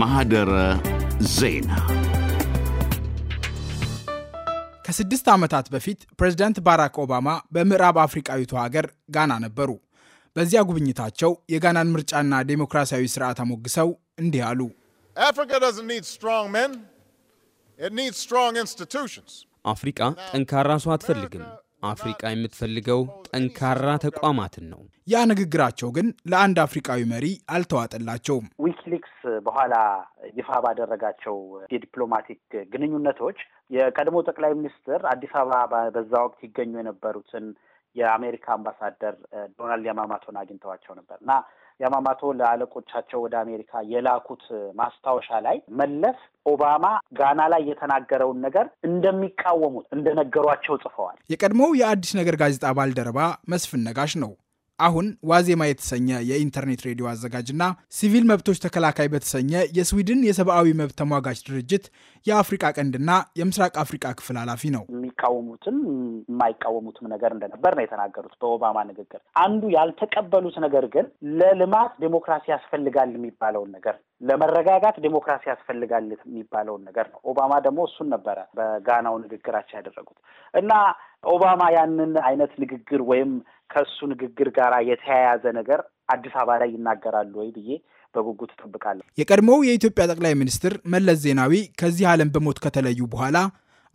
ማህደረ ዜና ከስድስት ዓመታት በፊት ፕሬዝዳንት ባራክ ኦባማ በምዕራብ አፍሪቃዊቱ ሀገር ጋና ነበሩ። በዚያ ጉብኝታቸው የጋናን ምርጫና ዴሞክራሲያዊ ስርዓት አሞግሰው እንዲህ አሉ። አፍሪቃ ጠንካራ ሰው አትፈልግም፣ አፍሪቃ የምትፈልገው ጠንካራ ተቋማትን ነው። ያ ንግግራቸው ግን ለአንድ አፍሪቃዊ መሪ አልተዋጠላቸውም። ዊኪሊክስ በኋላ ይፋ ባደረጋቸው የዲፕሎማቲክ ግንኙነቶች የቀድሞ ጠቅላይ ሚኒስትር አዲስ አበባ በዛ ወቅት ይገኙ የነበሩትን የአሜሪካ አምባሳደር ዶናልድ ያማማቶን አግኝተዋቸው ነበር እና ያማማቶ ለአለቆቻቸው ወደ አሜሪካ የላኩት ማስታወሻ ላይ መለስ ኦባማ ጋና ላይ የተናገረውን ነገር እንደሚቃወሙት እንደነገሯቸው ጽፈዋል። የቀድሞው የአዲስ ነገር ጋዜጣ ባልደረባ መስፍን ነጋሽ ነው አሁን ዋዜማ የተሰኘ የኢንተርኔት ሬዲዮ አዘጋጅና ሲቪል መብቶች ተከላካይ በተሰኘ የስዊድን የሰብአዊ መብት ተሟጋች ድርጅት የአፍሪቃ ቀንድና የምስራቅ አፍሪቃ ክፍል ኃላፊ ነው። የሚቃወሙትም የማይቃወሙትም ነገር እንደነበር ነው የተናገሩት በኦባማ ንግግር። አንዱ ያልተቀበሉት ነገር ግን ለልማት ዴሞክራሲ ያስፈልጋል የሚባለውን ነገር ለመረጋጋት ዴሞክራሲ ያስፈልጋል የሚባለውን ነገር ነው። ኦባማ ደግሞ እሱን ነበረ በጋናው ንግግራቸው ያደረጉት እና ኦባማ ያንን አይነት ንግግር ወይም ከእሱ ንግግር ጋር የተያያዘ ነገር አዲስ አበባ ላይ ይናገራሉ ወይ ብዬ በጉጉት እጠብቃለሁ። የቀድሞው የኢትዮጵያ ጠቅላይ ሚኒስትር መለስ ዜናዊ ከዚህ ዓለም በሞት ከተለዩ በኋላ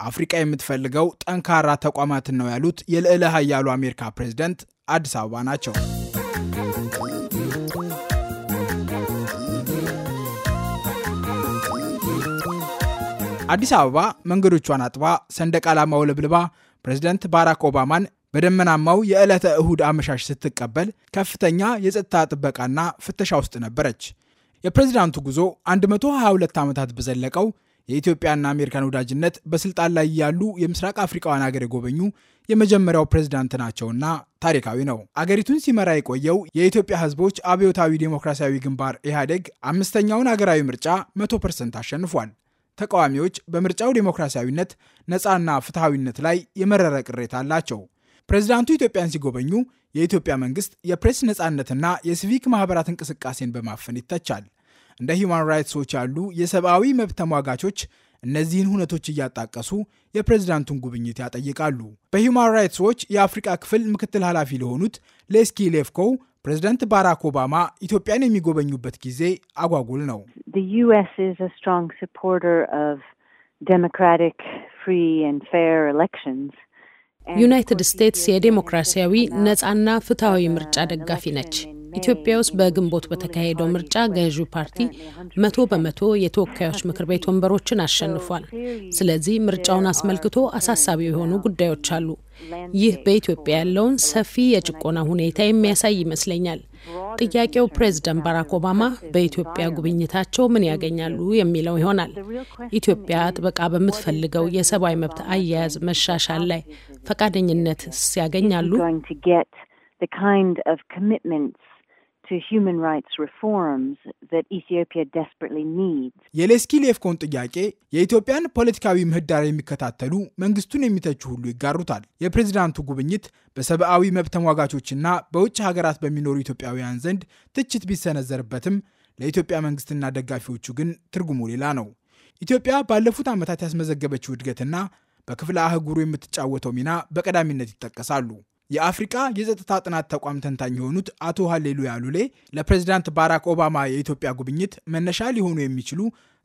አፍሪቃ የምትፈልገው ጠንካራ ተቋማትን ነው ያሉት የልዕለ ኃያሉ አሜሪካ ፕሬዝደንት አዲስ አበባ ናቸው። አዲስ አበባ መንገዶቿን አጥባ ሰንደቅ ዓላማ ውለብልባ ፕሬዚደንት ባራክ ኦባማን በደመናማው የዕለተ እሁድ አመሻሽ ስትቀበል ከፍተኛ የጸጥታ ጥበቃና ፍተሻ ውስጥ ነበረች። የፕሬዚዳንቱ ጉዞ 122 ዓመታት በዘለቀው የኢትዮጵያና አሜሪካን ወዳጅነት በስልጣን ላይ ያሉ የምስራቅ አፍሪካውያን አገር የጎበኙ የመጀመሪያው ፕሬዝዳንት ናቸውና ታሪካዊ ነው። አገሪቱን ሲመራ የቆየው የኢትዮጵያ ሕዝቦች አብዮታዊ ዴሞክራሲያዊ ግንባር ኢህአዴግ አምስተኛውን አገራዊ ምርጫ 100 ፐርሰንት አሸንፏል። ተቃዋሚዎች በምርጫው ዴሞክራሲያዊነት፣ ነፃና ፍትሐዊነት ላይ የመረረ ቅሬታ አላቸው። ፕሬዚዳንቱ ኢትዮጵያን ሲጎበኙ የኢትዮጵያ መንግስት የፕሬስ ነፃነትና የሲቪክ ማህበራት እንቅስቃሴን በማፈን ይተቻል። እንደ ሂውማን ራይትስ ዎች ያሉ የሰብአዊ መብት ተሟጋቾች እነዚህን ሁነቶች እያጣቀሱ የፕሬዝዳንቱን ጉብኝት ያጠይቃሉ። በሂውማን ራይትስ ዎች የአፍሪቃ ክፍል ምክትል ኃላፊ ለሆኑት ሌስኪ ሌፍኮው ፕሬዝደንት ባራክ ኦባማ ኢትዮጵያን የሚጎበኙበት ጊዜ አጓጉል ነው። ዩናይትድ ስቴትስ የዴሞክራሲያዊ ነጻና ፍትሐዊ ምርጫ ደጋፊ ነች። ኢትዮጵያ ውስጥ በግንቦት በተካሄደው ምርጫ ገዢው ፓርቲ መቶ በመቶ የተወካዮች ምክር ቤት ወንበሮችን አሸንፏል። ስለዚህ ምርጫውን አስመልክቶ አሳሳቢ የሆኑ ጉዳዮች አሉ። ይህ በኢትዮጵያ ያለውን ሰፊ የጭቆና ሁኔታ የሚያሳይ ይመስለኛል። ጥያቄው ፕሬዝደንት ባራክ ኦባማ በኢትዮጵያ ጉብኝታቸው ምን ያገኛሉ የሚለው ይሆናል። ኢትዮጵያ ጥበቃ በምትፈልገው የሰብአዊ መብት አያያዝ መሻሻል ላይ ፈቃደኝነት ያገኛሉ? የሌስኪሌፍኮን ጥያቄ የኢትዮጵያን ፖለቲካዊ ምህዳር የሚከታተሉ መንግስቱን የሚተቹ ሁሉ ይጋሩታል። የፕሬዝዳንቱ ጉብኝት በሰብአዊ መብት ተሟጋቾችና በውጭ ሀገራት በሚኖሩ ኢትዮጵያውያን ዘንድ ትችት ቢሰነዘርበትም ለኢትዮጵያ መንግስትና ደጋፊዎቹ ግን ትርጉሙ ሌላ ነው። ኢትዮጵያ ባለፉት ዓመታት ያስመዘገበችው እድገትና በክፍለ አህጉሩ የምትጫወተው ሚና በቀዳሚነት ይጠቀሳሉ። የአፍሪቃ የጸጥታ ጥናት ተቋም ተንታኝ የሆኑት አቶ ሀሌሉ ያሉሌ ለፕሬዚዳንት ባራክ ኦባማ የኢትዮጵያ ጉብኝት መነሻ ሊሆኑ የሚችሉ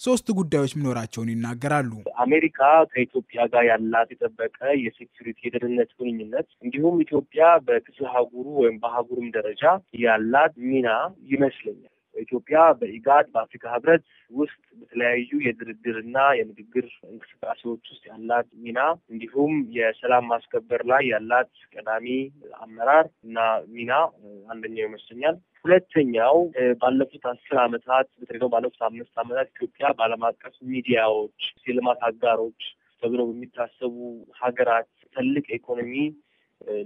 ሶስት ጉዳዮች መኖራቸውን ይናገራሉ። አሜሪካ ከኢትዮጵያ ጋር ያላት የጠበቀ የሴኪሪቲ የደህንነት ግንኙነት እንዲሁም ኢትዮጵያ በክፍለ ሀጉሩ ወይም በሀጉርም ደረጃ ያላት ሚና ይመስለኛል። ኢትዮጵያ በኢጋድ በአፍሪካ ህብረት ውስጥ በተለያዩ የድርድርና የንግግር እንቅስቃሴዎች ውስጥ ያላት ሚና እንዲሁም የሰላም ማስከበር ላይ ያላት ቀዳሚ አመራር እና ሚና አንደኛው ይመስለኛል። ሁለተኛው ባለፉት አስር አመታት በተለይ ባለፉት አምስት አመታት ኢትዮጵያ በዓለም አቀፍ ሚዲያዎች፣ የልማት አጋሮች ተብሎ በሚታሰቡ ሀገራት ትልቅ ኢኮኖሚ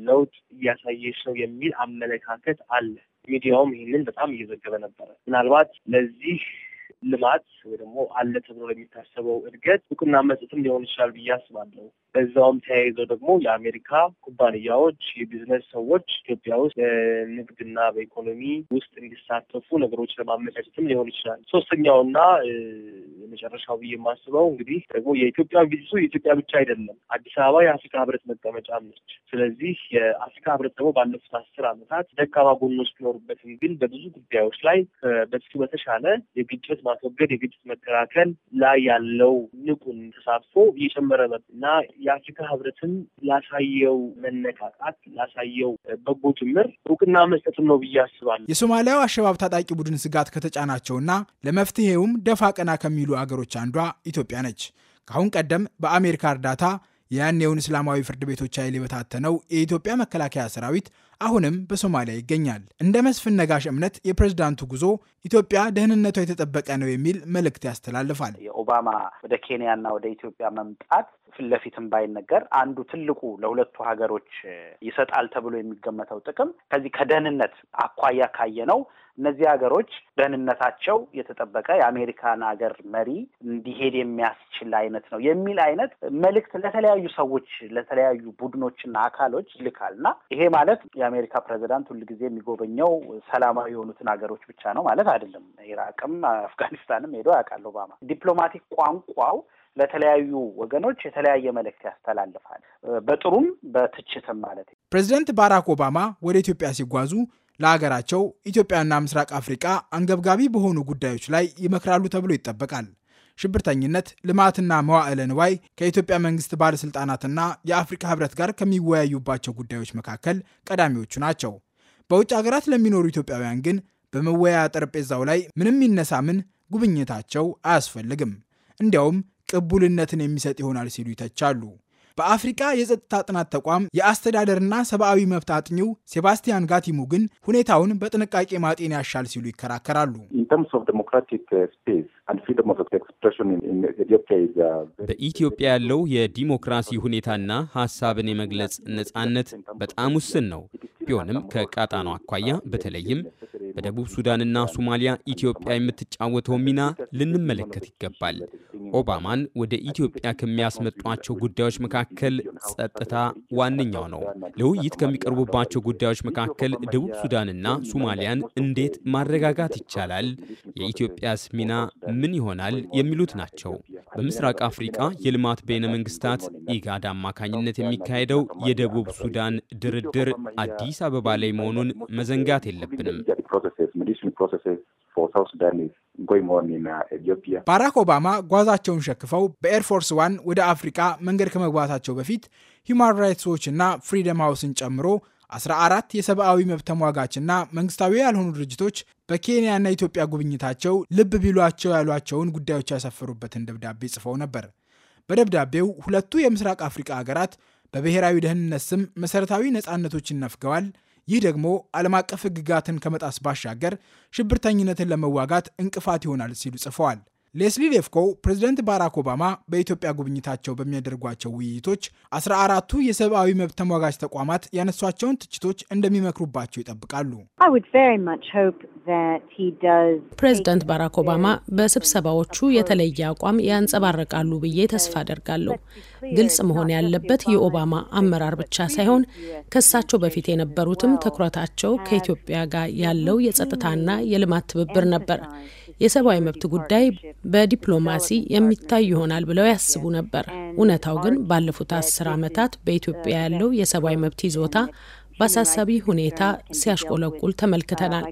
ለውጥ እያሳየች ነው የሚል አመለካከት አለ። ሚዲያውም ይህንን በጣም እየዘገበ ነበረ። ምናልባት ለዚህ ልማት ወይ ደግሞ አለ ተብሎ ለሚታሰበው እድገት እውቅና መስጠትም ሊሆን ይችላል ብዬ አስባለሁ። በዛውም ተያይዞ ደግሞ የአሜሪካ ኩባንያዎች፣ የቢዝነስ ሰዎች ኢትዮጵያ ውስጥ በንግድና በኢኮኖሚ ውስጥ እንዲሳተፉ ነገሮች ለማመቻቸትም ሊሆን ይችላል። ሶስተኛውና የመጨረሻው ብዬ የማስበው እንግዲህ ደግሞ የኢትዮጵያ ቪዚቱ የኢትዮጵያ ብቻ አይደለም። አዲስ አበባ የአፍሪካ ህብረት መቀመጫ ነች። ስለዚህ የአፍሪካ ህብረት ደግሞ ባለፉት አስር ዓመታት ደካማ ጎኖች ቢኖሩበትም ግን በብዙ ጉዳዮች ላይ በፊቱ በተሻለ የግጭት ማስወገድ የግጭት መከላከል ላይ ያለው ንቁን ተሳትፎ እየጨመረ እና የአፍሪካ ህብረትን ላሳየው መነቃቃት ላሳየው በጎ ጅምር እውቅና መስጠትም ነው ብዬ አስባለሁ። የሶማሊያው አሸባብ ታጣቂ ቡድን ስጋት ከተጫናቸውና ለመፍትሄውም ደፋ ቀና ከሚሉ አገሮች አንዷ ኢትዮጵያ ነች። ከአሁን ቀደም በአሜሪካ እርዳታ የያኔውን እስላማዊ ፍርድ ቤቶች ኃይል የበታተነው የኢትዮጵያ መከላከያ ሰራዊት አሁንም በሶማሊያ ይገኛል። እንደ መስፍን ነጋሽ እምነት የፕሬዝዳንቱ ጉዞ ኢትዮጵያ ደህንነቷ የተጠበቀ ነው የሚል መልእክት ያስተላልፋል። የኦባማ ወደ ኬንያና ወደ ኢትዮጵያ መምጣት ፊት ለፊትም ባይነገር አንዱ ትልቁ ለሁለቱ ሀገሮች ይሰጣል ተብሎ የሚገመተው ጥቅም ከዚህ ከደህንነት አኳያ ካየ ነው እነዚህ ሀገሮች ደህንነታቸው የተጠበቀ የአሜሪካን ሀገር መሪ እንዲሄድ የሚያስችል አይነት ነው የሚል አይነት መልእክት ለተለያዩ ሰዎች ለተለያዩ ቡድኖችና አካሎች ይልካል እና ይሄ ማለት የአሜሪካ ፕሬዚዳንት ሁልጊዜ የሚጎበኘው ሰላማዊ የሆኑትን ሀገሮች ብቻ ነው ማለት አይደለም። ኢራቅም አፍጋኒስታንም ሄዶ ያውቃል ኦባማ። ዲፕሎማቲክ ቋንቋው ለተለያዩ ወገኖች የተለያየ መልእክት ያስተላልፋል፣ በጥሩም በትችትም ማለት ነው። ፕሬዚደንት ባራክ ኦባማ ወደ ኢትዮጵያ ሲጓዙ ለአገራቸው ኢትዮጵያና ምስራቅ አፍሪቃ አንገብጋቢ በሆኑ ጉዳዮች ላይ ይመክራሉ ተብሎ ይጠበቃል። ሽብርተኝነት፣ ልማትና መዋዕለ ንዋይ ከኢትዮጵያ መንግስት ባለሥልጣናትና የአፍሪካ ህብረት ጋር ከሚወያዩባቸው ጉዳዮች መካከል ቀዳሚዎቹ ናቸው። በውጭ ሀገራት ለሚኖሩ ኢትዮጵያውያን ግን በመወያያ ጠረጴዛው ላይ ምንም ይነሳ ምን ጉብኝታቸው አያስፈልግም። እንዲያውም ቅቡልነትን የሚሰጥ ይሆናል ሲሉ ይተቻሉ። በአፍሪካ የጸጥታ ጥናት ተቋም የአስተዳደርና ሰብአዊ መብት አጥኚው ሴባስቲያን ጋቲሙ ግን ሁኔታውን በጥንቃቄ ማጤን ያሻል ሲሉ ይከራከራሉ። uh, uh, በኢትዮጵያ ያለው የዲሞክራሲ ሁኔታና ሀሳብን የመግለጽ ነጻነት በጣም ውስን ነው። ቢሆንም ከቃጣኗ አኳያ በተለይም በደቡብ ሱዳንና ሶማሊያ ኢትዮጵያ የምትጫወተው ሚና ልንመለከት ይገባል። ኦባማን ወደ ኢትዮጵያ ከሚያስመጧቸው ጉዳዮች መካከል ጸጥታ ዋነኛው ነው። ለውይይት ከሚቀርቡባቸው ጉዳዮች መካከል ደቡብ ሱዳንና ሶማሊያን እንዴት ማረጋጋት ይቻላል፣ የኢትዮጵያስ ሚና ምን ይሆናል የሚሉት ናቸው። በምስራቅ አፍሪቃ የልማት በይነ መንግስታት ኢጋድ አማካኝነት የሚካሄደው የደቡብ ሱዳን ድርድር አዲስ አበባ ላይ መሆኑን መዘንጋት የለብንም። ባራክ ኦባማ ጓዛቸውን ሸክፈው በኤርፎርስ ዋን ወደ አፍሪቃ መንገድ ከመግባታቸው በፊት ሂማን ራይትስ ዎች እና ፍሪደም ሃውስን ጨምሮ 14 የሰብአዊ መብት ተሟጋችና መንግስታዊ ያልሆኑ ድርጅቶች በኬንያና ኢትዮጵያ ጉብኝታቸው ልብ ቢሏቸው ያሏቸውን ጉዳዮች ያሰፈሩበትን ደብዳቤ ጽፈው ነበር። በደብዳቤው ሁለቱ የምስራቅ አፍሪካ ሀገራት በብሔራዊ ደህንነት ስም መሠረታዊ ነፃነቶችን ነፍገዋል። ይህ ደግሞ ዓለም አቀፍ ሕግጋትን ከመጣስ ባሻገር ሽብርተኝነትን ለመዋጋት እንቅፋት ይሆናል ሲሉ ጽፈዋል። ሌስሊ ሌፍኮ ፕሬዚደንት ባራክ ኦባማ በኢትዮጵያ ጉብኝታቸው በሚያደርጓቸው ውይይቶች አስራ አራቱ የሰብአዊ መብት ተሟጋች ተቋማት ያነሷቸውን ትችቶች እንደሚመክሩባቸው ይጠብቃሉ። ፕሬዚደንት ባራክ ኦባማ በስብሰባዎቹ የተለየ አቋም ያንጸባርቃሉ ብዬ ተስፋ አደርጋለሁ። ግልጽ መሆን ያለበት የኦባማ አመራር ብቻ ሳይሆን ከሳቸው በፊት የነበሩትም ትኩረታቸው ከኢትዮጵያ ጋር ያለው የጸጥታና የልማት ትብብር ነበር። የሰብአዊ መብት ጉዳይ በዲፕሎማሲ የሚታይ ይሆናል ብለው ያስቡ ነበር። እውነታው ግን ባለፉት አስር ዓመታት በኢትዮጵያ ያለው የሰብአዊ መብት ይዞታ በአሳሳቢ ሁኔታ ሲያሽቆለቁል ተመልክተናል።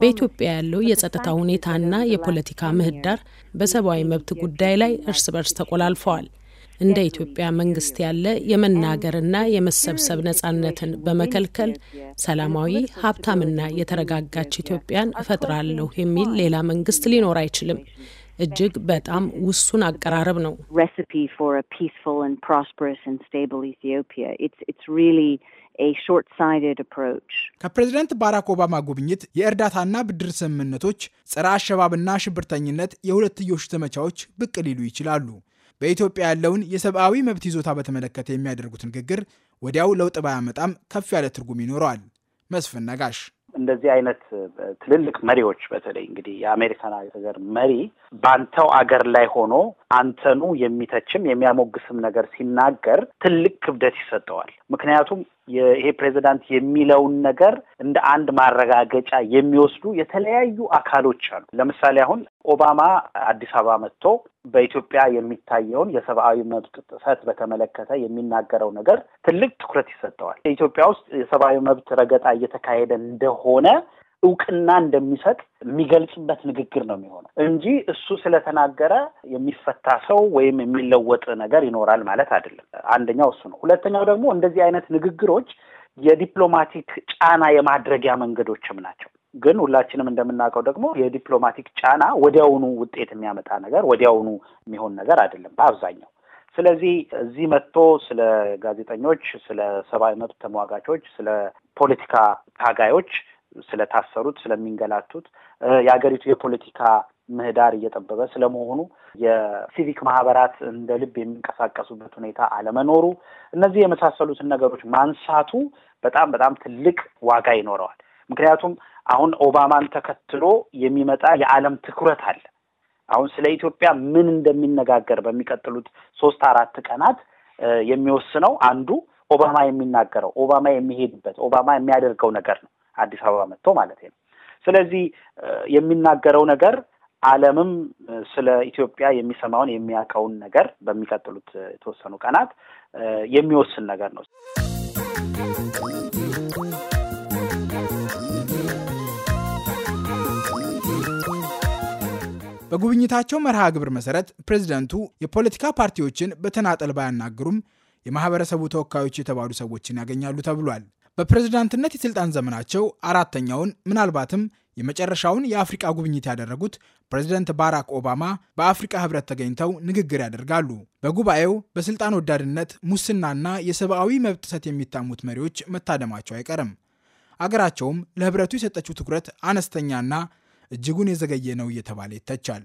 በኢትዮጵያ ያለው የጸጥታ ሁኔታና የፖለቲካ ምህዳር በሰብአዊ መብት ጉዳይ ላይ እርስ በርስ ተቆላልፈዋል። እንደ ኢትዮጵያ መንግስት ያለ የመናገርና የመሰብሰብ ነጻነትን በመከልከል ሰላማዊ ሀብታምና የተረጋጋች ኢትዮጵያን እፈጥራለሁ የሚል ሌላ መንግስት ሊኖር አይችልም። እጅግ በጣም ውሱን አቀራረብ ነው። ከፕሬዝደንት ባራክ ኦባማ ጉብኝት የእርዳታና ብድር ስምምነቶች፣ ጸረ አሸባብና ሽብርተኝነት የሁለትዮሽ ዘመቻዎች ብቅ ሊሉ ይችላሉ። በኢትዮጵያ ያለውን የሰብአዊ መብት ይዞታ በተመለከተ የሚያደርጉት ንግግር ወዲያው ለውጥ ባያመጣም ከፍ ያለ ትርጉም ይኖረዋል። መስፍን ነጋሽ እንደዚህ አይነት ትልልቅ መሪዎች በተለይ እንግዲህ የአሜሪካን ሀገር መሪ በአንተው አገር ላይ ሆኖ አንተኑ የሚተችም የሚያሞግስም ነገር ሲናገር ትልቅ ክብደት ይሰጠዋል። ምክንያቱም ይሄ ፕሬዚዳንት የሚለውን ነገር እንደ አንድ ማረጋገጫ የሚወስዱ የተለያዩ አካሎች አሉ። ለምሳሌ አሁን ኦባማ አዲስ አበባ መጥቶ በኢትዮጵያ የሚታየውን የሰብአዊ መብት ጥሰት በተመለከተ የሚናገረው ነገር ትልቅ ትኩረት ይሰጠዋል። ኢትዮጵያ ውስጥ የሰብአዊ መብት ረገጣ እየተካሄደ እንደሆነ እውቅና እንደሚሰጥ የሚገልጽበት ንግግር ነው የሚሆነው እንጂ እሱ ስለተናገረ የሚፈታ ሰው ወይም የሚለወጥ ነገር ይኖራል ማለት አይደለም። አንደኛው እሱ ነው። ሁለተኛው ደግሞ እንደዚህ አይነት ንግግሮች የዲፕሎማቲክ ጫና የማድረጊያ መንገዶችም ናቸው። ግን ሁላችንም እንደምናውቀው ደግሞ የዲፕሎማቲክ ጫና ወዲያውኑ ውጤት የሚያመጣ ነገር ወዲያውኑ የሚሆን ነገር አይደለም በአብዛኛው። ስለዚህ እዚህ መጥቶ ስለ ጋዜጠኞች፣ ስለ ሰብአዊ መብት ተሟጋቾች፣ ስለ ፖለቲካ ታጋዮች፣ ስለታሰሩት፣ ስለሚንገላቱት የሀገሪቱ የፖለቲካ ምህዳር እየጠበበ ስለመሆኑ የሲቪክ ማህበራት እንደ ልብ የሚንቀሳቀሱበት ሁኔታ አለመኖሩ እነዚህ የመሳሰሉትን ነገሮች ማንሳቱ በጣም በጣም ትልቅ ዋጋ ይኖረዋል። ምክንያቱም አሁን ኦባማን ተከትሎ የሚመጣ የዓለም ትኩረት አለ። አሁን ስለ ኢትዮጵያ ምን እንደሚነጋገር በሚቀጥሉት ሶስት አራት ቀናት የሚወስነው አንዱ ኦባማ የሚናገረው ኦባማ የሚሄድበት ኦባማ የሚያደርገው ነገር ነው። አዲስ አበባ መጥቶ ማለት ነው። ስለዚህ የሚናገረው ነገር ዓለምም ስለ ኢትዮጵያ የሚሰማውን የሚያውቀውን ነገር በሚቀጥሉት የተወሰኑ ቀናት የሚወስን ነገር ነው። በጉብኝታቸው መርሃ ግብር መሰረት ፕሬዝደንቱ የፖለቲካ ፓርቲዎችን በተናጠል ባያናግሩም የማህበረሰቡ ተወካዮች የተባሉ ሰዎችን ያገኛሉ ተብሏል። በፕሬዝዳንትነት የስልጣን ዘመናቸው አራተኛውን ምናልባትም የመጨረሻውን የአፍሪቃ ጉብኝት ያደረጉት ፕሬዝደንት ባራክ ኦባማ በአፍሪቃ ህብረት ተገኝተው ንግግር ያደርጋሉ። በጉባኤው በስልጣን ወዳድነት፣ ሙስናና የሰብአዊ መብት ጥሰት የሚታሙት መሪዎች መታደማቸው አይቀርም። አገራቸውም ለህብረቱ የሰጠችው ትኩረት አነስተኛና እጅጉን የዘገየ ነው እየተባለ ይተቻል።